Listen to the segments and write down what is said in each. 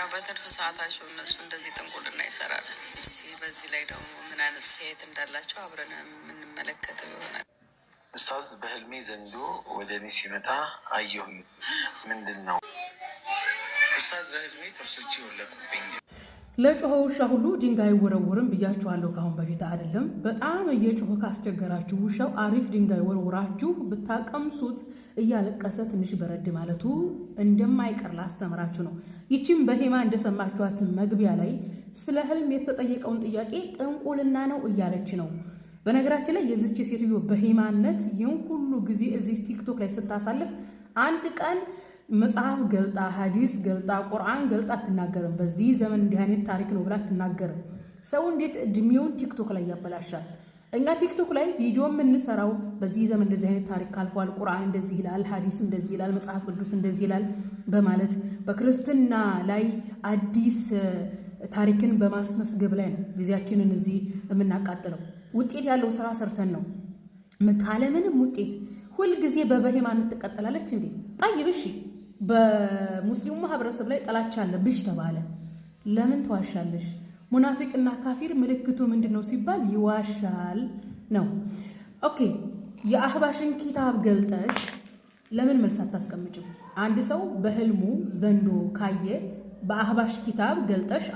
ያው በትርፍ ሰዓታቸው እነሱ እንደዚህ ጥንቁልና ይሰራል። እስቲ በዚህ ላይ ደግሞ ምን አይነት አስተያየት እንዳላቸው አብረን የምንመለከተው ይሆናል። ኡስታዝ በህልሜ ዘንዶ ወደ እኔ ሲመጣ አየሁኝ። ምንድን ነው ኡስታዝ በህልሜ ጥርሶች የወለቁብኝ ለጮኸ ውሻ ሁሉ ድንጋይ አይወረወርም ብያችኋለሁ ካሁን በፊት አይደለም። በጣም እየጮኸ ካስቸገራችሁ ውሻው አሪፍ ድንጋይ ወርውራችሁ ብታቀምሱት እያለቀሰ ትንሽ በረድ ማለቱ እንደማይቀር ላስተምራችሁ ነው። ይችም በሄማ እንደሰማችኋት መግቢያ ላይ ስለ ህልም የተጠየቀውን ጥያቄ ጥንቁልና ነው እያለች ነው። በነገራችን ላይ የዚች ሴትዮ በሄማነት ይህን ሁሉ ጊዜ እዚህ ቲክቶክ ላይ ስታሳልፍ አንድ ቀን መጽሐፍ ገልጣ ሀዲስ ገልጣ ቁርአን ገልጣ አትናገርም። በዚህ ዘመን እንዲህ አይነት ታሪክ ነው ብላ አትናገርም። ሰው እንዴት እድሜውን ቲክቶክ ላይ ያበላሻል? እኛ ቲክቶክ ላይ ቪዲዮ የምንሰራው በዚህ ዘመን እንደዚህ አይነት ታሪክ አልፏል፣ ቁርአን እንደዚህ ይላል፣ ሀዲስ እንደዚህ ይላል፣ መጽሐፍ ቅዱስ እንደዚህ ይላል በማለት በክርስትና ላይ አዲስ ታሪክን በማስመስገብ ላይ ነው ጊዜያችንን እዚህ የምናቃጥለው። ውጤት ያለው ስራ ሰርተን ነው ካለምንም ውጤት ሁልጊዜ በበሄማነት ትቀጥላለች እንዴ? ጣይብ እሺ በሙስሊሙ ማህበረሰብ ላይ ጥላቻ አለብሽ ተባለ። ለምን ትዋሻለሽ? እና ካፊር ምልክቱ ምንድን ነው ሲባል ይዋሻል ነው። ኦኬ የአህባሽን ኪታብ ገልጠሽ ለምን መልስ አታስቀምጭም? አንድ ሰው በህልሙ ዘንዶ ካየ በአህባሽ ኪታብ ገልጠሽ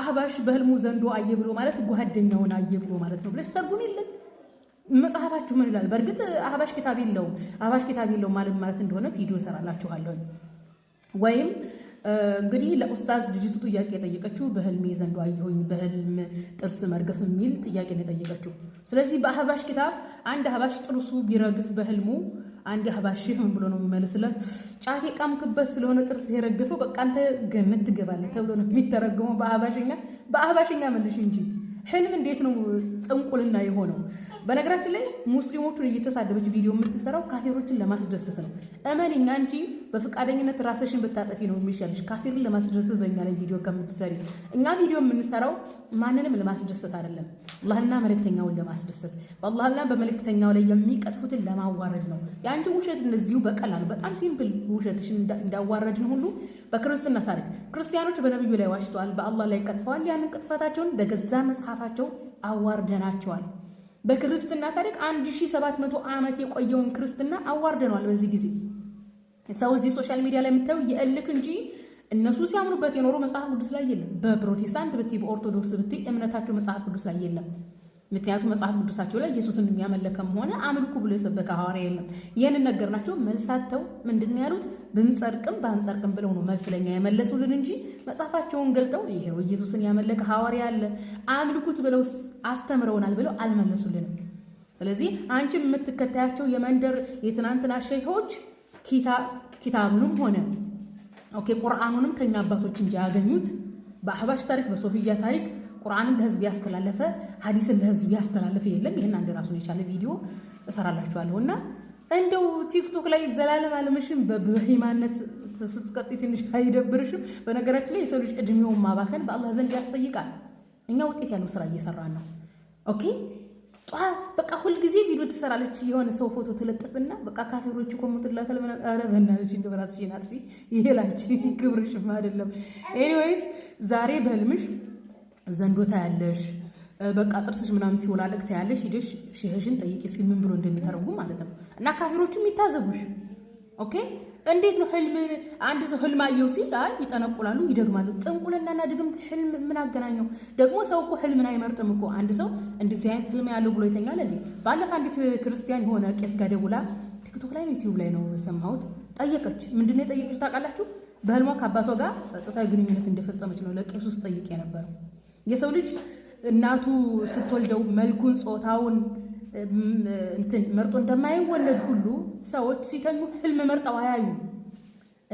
አህባሽ በህልሙ ዘንዶ አየ ብሎ ማለት ጓደኛውን አየ ብሎ ማለት ነው ብለሽ ተርጉም የለን መጽሐፋችሁ ምን ይላል? በእርግጥ አህባሽ ኪታብ የለውም አህባሽ ኪታብ የለውም ማለት ማለት እንደሆነ ቪዲዮ እሰራላችኋለሁ። ወይም እንግዲህ ለኡስታዝ ልጅቱ ጥያቄ የጠየቀችው በህልሜ ዘንዶ አየሁኝ በህልም ጥርስ መርገፍ የሚል ጥያቄ ነው የጠየቀችው። ስለዚህ በአህባሽ ኪታብ አንድ አህባሽ ጥርሱ ቢረግፍ በህልሙ አንድ አህባሽ ምን ብሎ ነው የሚመልስለት? ጫት የቃምክበት ስለሆነ ጥርስ የረገፈው በቃ አንተ ገነት ትገባለህ ተብሎ ነው የሚተረገመው በአህባሽኛ። በአህባሽኛ መልሽ እንጂ ህልም እንዴት ነው ጥንቁልና የሆነው? በነገራችን ላይ ሙስሊሞቹን እየተሳደበች ቪዲዮ የምትሰራው ካፌሮችን ለማስደሰት ነው። እመንኛ እንጂ በፈቃደኝነት ራስሽን ብታጠፊ ነው የሚሻልሽ፣ ካፊርን ለማስደሰት በእኛ ላይ ቪዲዮ ከምትሰሪ። እኛ ቪዲዮ የምንሰራው ማንንም ለማስደሰት አይደለም፣ አላህና መልእክተኛውን ለማስደሰት በአላህና በመልእክተኛው ላይ የሚቀጥፉትን ለማዋረድ ነው። የአንድ ውሸት እንደዚሁ በቀላሉ በጣም ሲምፕል ውሸትሽን እንዳዋረድን ሁሉ በክርስትና ታሪክ ክርስቲያኖች በነቢዩ ላይ ዋሽተዋል፣ በአላህ ላይ ቀጥፈዋል። ያንን ቅጥፈታቸውን በገዛ መጽሐፋቸው አዋርደናቸዋል። በክርስትና ታሪክ 1700 ዓመት የቆየውን ክርስትና አዋርደነዋል በዚህ ጊዜ ሰው እዚህ ሶሻል ሚዲያ ላይ የምታየው የእልክ እንጂ እነሱ ሲያምኑበት የኖሩ መጽሐፍ ቅዱስ ላይ የለም። በፕሮቴስታንት ብቲ፣ በኦርቶዶክስ ብቲ እምነታቸው መጽሐፍ ቅዱስ ላይ የለም። ምክንያቱም መጽሐፍ ቅዱሳቸው ላይ ኢየሱስን የሚያመለከም ሆነ አምልኩ ብሎ የሰበከ ሐዋርያ የለም። ይህንን ነገርናቸው። መልሳተው ምንድን ያሉት ብንጸድቅም ባንጸድቅም ብለው ነው መልስለኛ ያመለሱልን የመለሱልን እንጂ መጽሐፋቸውን ገልጠው ይሄው ኢየሱስን ያመለከ ሐዋርያ አለ አምልኩት ብለው አስተምረውናል ብለው አልመለሱልንም። ስለዚህ አንቺ የምትከታያቸው የመንደር የትናንትና ሸሆች ኪታቡንም ሆነ ኦኬ ቁርአኑንም ከኛ አባቶች እንጂ ያገኙት በአህባሽ ታሪክ በሶፊያ ታሪክ ቁርአንን ለህዝብ ያስተላለፈ ሀዲስን ለህዝብ ያስተላለፈ የለም። ይህን አንድ ራሱን የቻለ ቪዲዮ እሰራላችኋለሁ እና እንደው ቲክቶክ ላይ ዘላለም አለምሽም በብሂማነት ስትቀጥ ትንሽ አይደብርሽም? በነገራችን ላይ የሰው ልጅ እድሜውን ማባከን በአላህ ዘንድ ያስጠይቃል። እኛ ውጤት ያለው ስራ እየሰራን ነው። ኦኬ ጧ በቃ ሁልጊዜ ቪዲዮ ትሰራለች። የሆነ ሰው ፎቶ ትለጥፍና በቃ ካፌሮቹ ኮሙትላከል ኧረ በእናትሽ እንደው በራስሽን አጥፊ፣ ይሄ ላንቺ ግብርሽም አይደለም። ኤኒዌይስ ዛሬ በህልምሽ ዘንዶ ታያለሽ። በቃ ጥርስሽ ምናምን ሲወላለቅ ታያለሽ። ሂደሽ ሼህሽን ጠይቂ እስኪ ምን ብሎ እንደሚተረጉም ማለት ነው። እና ካፌሮቹም ይታዘቡሽ ኦኬ እንዴት ነው ህልም? አንድ ሰው ህልም አየው ሲል አይ ይጠነቁላሉ፣ ይደግማሉ። ጥንቁልናና ድግምት ህልም ምን አገናኘው? ደግሞ ሰው እኮ ህልምን አይመርጥም እኮ። አንድ ሰው እንደዚህ አይነት ህልም ያለው ብሎ ይተኛል እንዴ? ባለፈ አንዲት ክርስቲያን የሆነ ቄስ ጋር ደውላ ቲክቶክ ላይ ነው ዩቲዩብ ላይ ነው የሰማሁት፣ ጠየቀች። ምንድን ነው የጠየቀች ታውቃላችሁ? በህልሟ ከአባቷ ጋር ጾታዊ ግንኙነት እንደፈጸመች ነው ለቄሱ ጠይቄ የነበረው። የሰው ልጅ እናቱ ስትወልደው መልኩን ጾታውን እንትን መርጦ እንደማይወለድ ሁሉ ሰዎች ሲተኙ ህልም መርጠው አያዩ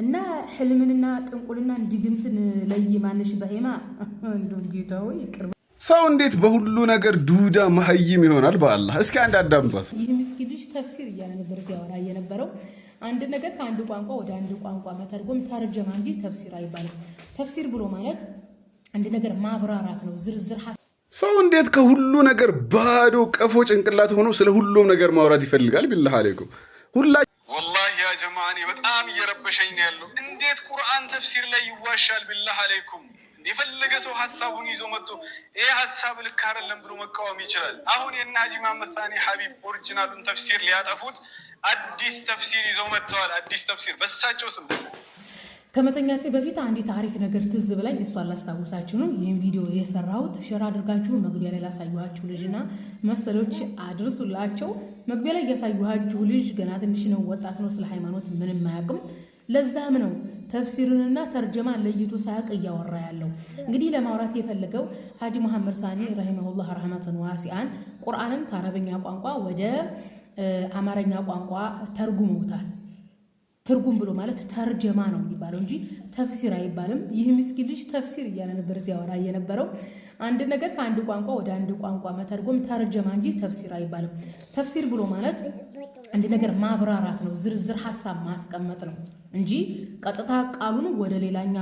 እና ህልምንና ጥንቁልና እንዲግምትን ለይ ማንሽ በሄማ እንደው ጌታው ይቅርብ። ሰው እንዴት በሁሉ ነገር ዱዳ መሀይም ይሆናል? በአላህ እስኪ አንድ አዳምጧት። ይህ ምስኪን ልጅ ተፍሲር እያለ ነበር ሲያወራ የነበረው። አንድ ነገር ከአንድ ቋንቋ ወደ አንድ ቋንቋ መተርጎም ተርጀማ እንጂ ተፍሲር አይባልም። ተፍሲር ብሎ ማለት አንድ ነገር ማብራራት ነው ዝርዝር ሰው እንዴት ከሁሉ ነገር ባዶ ቀፎ ጭንቅላት ሆኖ ስለ ሁሉም ነገር ማውራት ይፈልጋል? ቢላህ አሌይኩም ሁላ ወላሂ ያ በጣም እየረበሸኝ ነው ያለው። እንዴት ቁርአን ተፍሲር ላይ ይዋሻል? ቢላህ አሌይኩም የፈለገ ሰው ሀሳቡን ይዞ መጥቶ ይህ ሀሳብ ልክ አይደለም ብሎ መቃወም ይችላል። አሁን የእነ ሀጂ መሐመድ ሳኒ ሀቢብ ኦሪጂናሉን ተፍሲር ሊያጠፉት አዲስ ተፍሲር ይዘው መጥተዋል። አዲስ ተፍሲር በሳቸው ስም ከመተኛቴ በፊት አንዲት አሪፍ ነገር ትዝ ብላኝ እሷን ላስታውሳችሁ ነው ይህን ቪዲዮ የሰራሁት። ሼር አድርጋችሁ መግቢያ ላይ ላሳየኋችሁ ልጅና መሰሎች አድርሱላቸው። መግቢያ ላይ ያሳየኋችሁ ልጅ ገና ትንሽ ነው፣ ወጣት ነው፣ ስለ ሃይማኖት ምንም አያውቅም። ለዛም ነው ተፍሲርንና ተርጀማ ለይቶ ሳያቅ እያወራ ያለው። እንግዲህ ለማውራት የፈለገው ሀጂ መሐመድ ሳኒ ረሂመሁላህ ረህመትን ዋሲአን ቁርአንን ከአረበኛ ቋንቋ ወደ አማርኛ ቋንቋ ተርጉመውታል። ትርጉም ብሎ ማለት ተርጀማ ነው የሚባለው እንጂ ተፍሲር አይባልም። ይህ ምስኪን ልጅ ተፍሲር እያለ ነበር ሲያወራ የነበረው። አንድ ነገር ከአንድ ቋንቋ ወደ አንድ ቋንቋ መተርጎም ተርጀማ እንጂ ተፍሲር አይባልም። ተፍሲር ብሎ ማለት አንድ ነገር ማብራራት ነው፣ ዝርዝር ሀሳብ ማስቀመጥ ነው እንጂ ቀጥታ ቃሉን ወደ ሌላኛ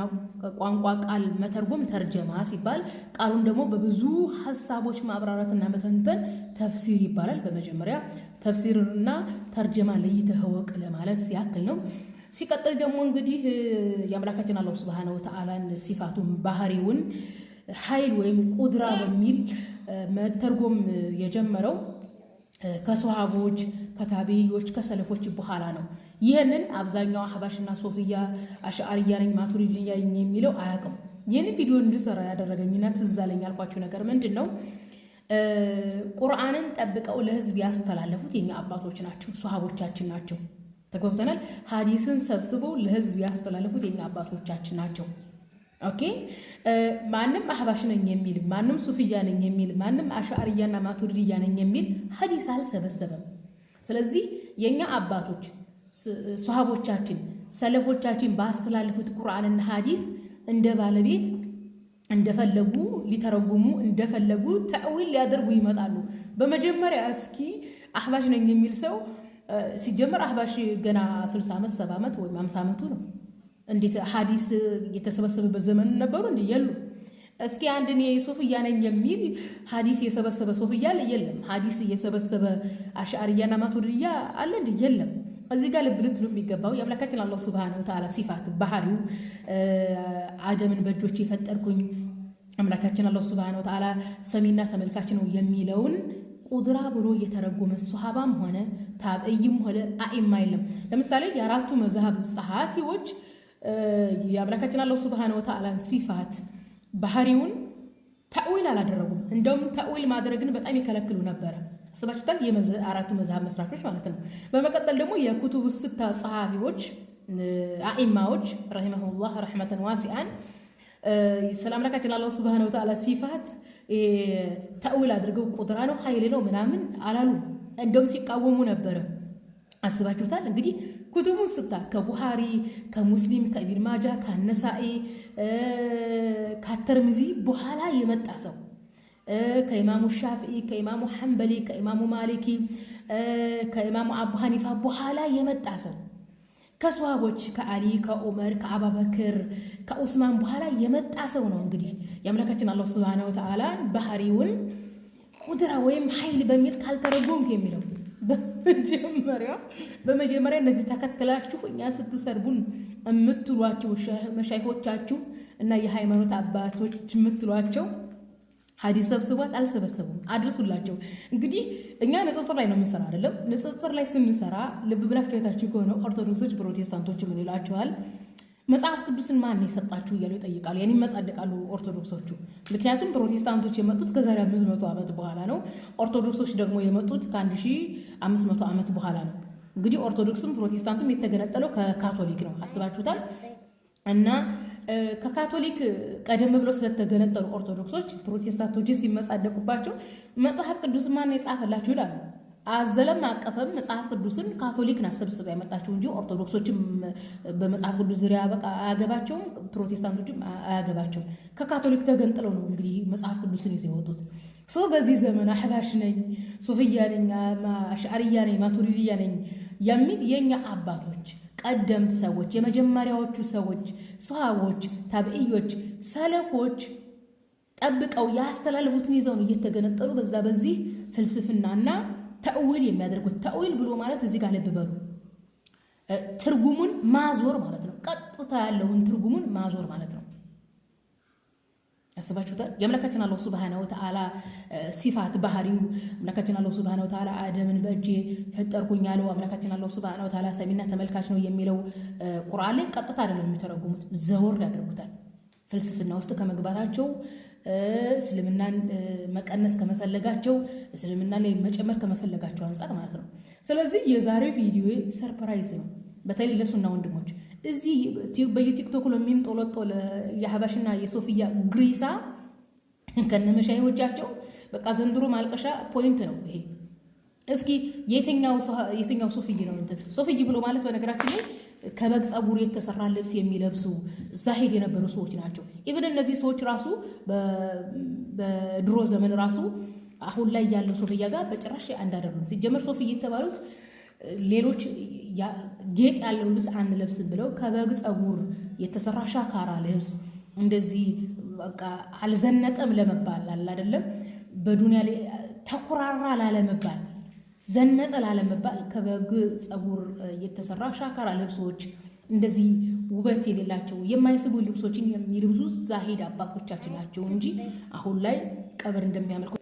ቋንቋ ቃል መተርጎም ተርጀማ ሲባል፣ ቃሉን ደግሞ በብዙ ሀሳቦች ማብራራትና መተንተን ተፍሲር ይባላል። በመጀመሪያ ተፍሲርና ተርጀማ ለይተህ እወቅ ለማለት ያክል ነው። ሲቀጥል ደግሞ እንግዲህ የአምላካችን አላሁ ስብሃነ ወተዓላን ሲፋቱን ባህሪውን ኃይል ወይም ቁድራ በሚል መተርጎም የጀመረው ከሰሃቦች ከታቢዎች ከሰለፎች በኋላ ነው። ይህንን አብዛኛው አህባሽና ሶፍያ አሽአርያ ነኝ ማቱሪድያ የሚለው አያውቅም። ይህን ቪዲዮ እንድሰራ ያደረገኝና ትዝ አለኝ ያልኳችሁ ነገር ምንድን ነው? ቁርአንን ጠብቀው ለህዝብ ያስተላለፉት የኛ አባቶች ናቸው፣ ሶሃቦቻችን ናቸው። ተግባብተናል። ሀዲስን ሰብስበው ለህዝብ ያስተላለፉት የኛ አባቶቻችን ናቸው። ኦኬ ማንም አህባሽ ነኝ የሚል ማንም ሱፍያ ነኝ የሚል ማንም አሻዕርያና ማቱሪድያ ነኝ የሚል ሀዲስ አልሰበሰበም። ስለዚህ የእኛ አባቶች ሶሃቦቻችን ሰለፎቻችን ባስተላለፉት ቁርአንና ሀዲስ እንደ ባለቤት እንደፈለጉ ሊተረጉሙ እንደፈለጉ ተእዊል ሊያደርጉ ይመጣሉ። በመጀመሪያ እስኪ አህባሽ ነኝ የሚል ሰው ሲጀመር አህባሽ ገና 60 ዓመት 70 ዓመት ወይም 50 ዓመቱ ነው። እንዴት ሀዲስ የተሰበሰበበት ዘመን ነበሩ እንዴ? የሉ። እስኪ አንድ እኔ ሶፍያ ነኝ የሚል ሀዲስ የሰበሰበ ሶፍያ የለም። ሀዲስ የሰበሰበ አሽዓርያና ማቱርያ አለ እንዴ? የለም። እዚህ ጋር ልብ ልትሉ የሚገባው የአምላካችን አላሁ ሱብሃነሁ ወተዓላ ሲፋት ባህሪው አደምን በእጆች የፈጠርኩኝ አምላካችን አላሁ ሱብሃነሁ ወተዓላ ሰሚና ተመልካች ነው የሚለውን ቁድራ ብሎ የተረጎመ ሶሃባም ሆነ ታብዕይም ሆነ አኢማ የለም። ለምሳሌ የአራቱ መዝሃብ ጸሐፊዎች የአምላካችን አላሁ ሱብሃነሁ ወተዓላን ሲፋት ባህሪውን ተዊል አላደረጉም። እንደውም ተዊል ማድረግን በጣም ይከለክሉ ነበረ። አስባችሁታል? የአራቱ መዛሀብ መስራቾች ማለት ነው። በመቀጠል ደግሞ የኩቱቡ ስታ ጸሐፊዎች አኢማዎች ረሂመሁላህ ረሕመተን ዋሲአን ስለ አምላካችን አላህ ስብሃነ ወተዓላ ሲፋት ተዊል አድርገው ቁድራ ነው ኃይል ነው ምናምን አላሉ። እንደውም ሲቃወሙ ነበረ። አስባችሁታል? እንግዲህ ኩቱቡን ስታ ከቡሃሪ ከሙስሊም ከኢብን ማጃ ከነሳኢ ከተርሚዚ በኋላ የመጣ ሰው ከኢማሙ ሻፊዒ፣ ከኢማሙ ሐንበሊ፣ ከኢማሙ ማሊኪ፣ ከኢማሙ አቡ ሐኒፋ በኋላ የመጣ ሰው ከሰዋቦች ከአሊ፣ ከዑመር፣ ከአባበክር፣ ከኡስማን በኋላ የመጣ ሰው ነው። እንግዲህ የአምላካችን አላሁ ስብሓነ ወተዓላ ባህሪውን ቁድራ ወይም ኃይል በሚል ካልተረጎምክ የሚለው በመጀመሪያ በመጀመሪያ እነዚህ ተከትላችሁ እኛ ስትሰርቡን የምትሏቸው መሻይኮቻችሁ እና የሃይማኖት አባቶች የምትሏቸው ሀዲስ ሰብስቧል፣ አልሰበሰቡም አድርሱላቸው። እንግዲህ እኛ ንጽጽር ላይ ነው የምንሰራ አይደለም። ንጽጽር ላይ ስንሰራ ልብ ብላችሁ አይታችሁ ከሆነ ኦርቶዶክሶች ፕሮቴስታንቶች ምን ይላችኋል? መጽሐፍ ቅዱስን ማን የሰጣችሁ እያሉ ይጠይቃሉ። ያን ይመጻደቃሉ ኦርቶዶክሶቹ። ምክንያቱም ፕሮቴስታንቶች የመጡት ከዛሬ መቶ ዓመት በኋላ ነው። ኦርቶዶክሶች ደግሞ የመጡት ከ1500 ዓመት በኋላ ነው። እንግዲህ ኦርቶዶክስም ፕሮቴስታንቱም የተገነጠለው ከካቶሊክ ነው። አስባችሁታል እና ከካቶሊክ ቀደም ብሎ ስለተገነጠሉ ኦርቶዶክሶች ፕሮቴስታንቶች ሲመጻደቁባቸው መጽሐፍ ቅዱስ ማን የጻፈላችሁ ይላሉ። አዘለም አቀፈም መጽሐፍ ቅዱስን ካቶሊክ ናት ሰብስባ ያመጣችው እንጂ ኦርቶዶክሶችም በመጽሐፍ ቅዱስ ዙሪያ በቃ አያገባቸውም፣ ፕሮቴስታንቶችም አያገባቸውም። ከካቶሊክ ተገንጥለው ነው እንግዲህ መጽሐፍ ቅዱስን ይዘው የወጡት። ሶ በዚህ ዘመን አህባሽ ነኝ፣ ሱፍያ ነኝ፣ አሽዓርያ ነኝ፣ ማቱሪድያ ነኝ የሚል የእኛ አባቶች ቀደምት ሰዎች፣ የመጀመሪያዎቹ ሰዎች፣ ሰሃቦች፣ ታብዕዮች፣ ሰለፎች ጠብቀው ያስተላለፉትን ይዘው ነው እየተገነጠሉ በዛ በዚህ ፍልስፍናና ተእዊል የሚያደርጉት ተዊል ብሎ ማለት እዚህ ጋር ልብ በሉ ትርጉሙን ማዞር ማለት ነው። ቀጥታ ያለውን ትርጉሙን ማዞር ማለት ነው። ያስባችሁታል። የአምላካችን አላሁ ስብሃነ ወተዓላ ሲፋት ባህሪው አምላካችን አላሁ ስብሃነ ወተዓላ አደምን በእጄ ፈጠርኩኝ ያለው አምላካችን አላሁ ስብሃነ ወተዓላ ሰሚና ተመልካች ነው የሚለው ቁርአን ላይ ቀጥታ አይደለም የሚተረጉሙት፣ ዘወር ያደርጉታል። ፍልስፍና ውስጥ ከመግባታቸው እስልምናን መቀነስ ከመፈለጋቸው እስልምና ላይ መጨመር ከመፈለጋቸው አንጻር ማለት ነው። ስለዚህ የዛሬ ቪዲዮ ሰርፕራይዝ ነው፣ በተለይ ለሱና ወንድሞች እዚህ በየቲክቶክ ላይ የሚንጦለጦለ የሀበሽና የሶፊያ ግሪሳ ከነመሻዎቻቸው በቃ ዘንድሮ ማልቀሻ ፖይንት ነው ይሄ። እስኪ የትኛው የትኛው ሶፍይ ነው እንትን ሶፍይ ብሎ ማለት በነገራችን ላይ ከበግ የተሰራ ልብስ የሚለብሱ ዛሄድ የነበሩ ሰዎች ናቸው። ኢቨን እነዚህ ሰዎች ራሱ በድሮ ዘመን ራሱ አሁን ላይ ያለው ሶፍያ ጋር በጭራሽ አንድ አይደሉም። ሲጀመር ሶፍይ የተባሉት ሌሎች ጌጥ ያለው ልብስ አንለብስ ብለው ከበግ ፀጉር የተሰራ ሻካራ ልብስ እንደዚህ በቃ አልዘነጠም ለመባል አለ አይደለም፣ በዱንያ ላይ ተኩራራ ላለመባል ዘነጠ ላለመባል ከበግ ፀጉር የተሰራ ሻካራ ልብሶች እንደዚህ ውበት የሌላቸው የማይስቡ ልብሶችን የሚልብሱ ዛሂድ አባቶቻችን ናቸው እንጂ አሁን ላይ ቀብር እንደሚያመልኩ